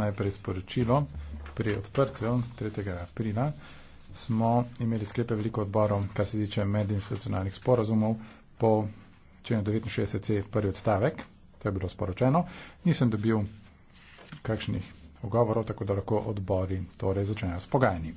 Najprej sporočilo. Pri odprtju 3. aprila smo imeli sklepe veliko odborov, kar se tiče medinstitucionalnih sporazumov, po členu 69c prvi odstavek, to je bilo sporočeno. Nisem dobil kakšnih ogovorov, tako da lahko odbori torej začnejo s pogajanji.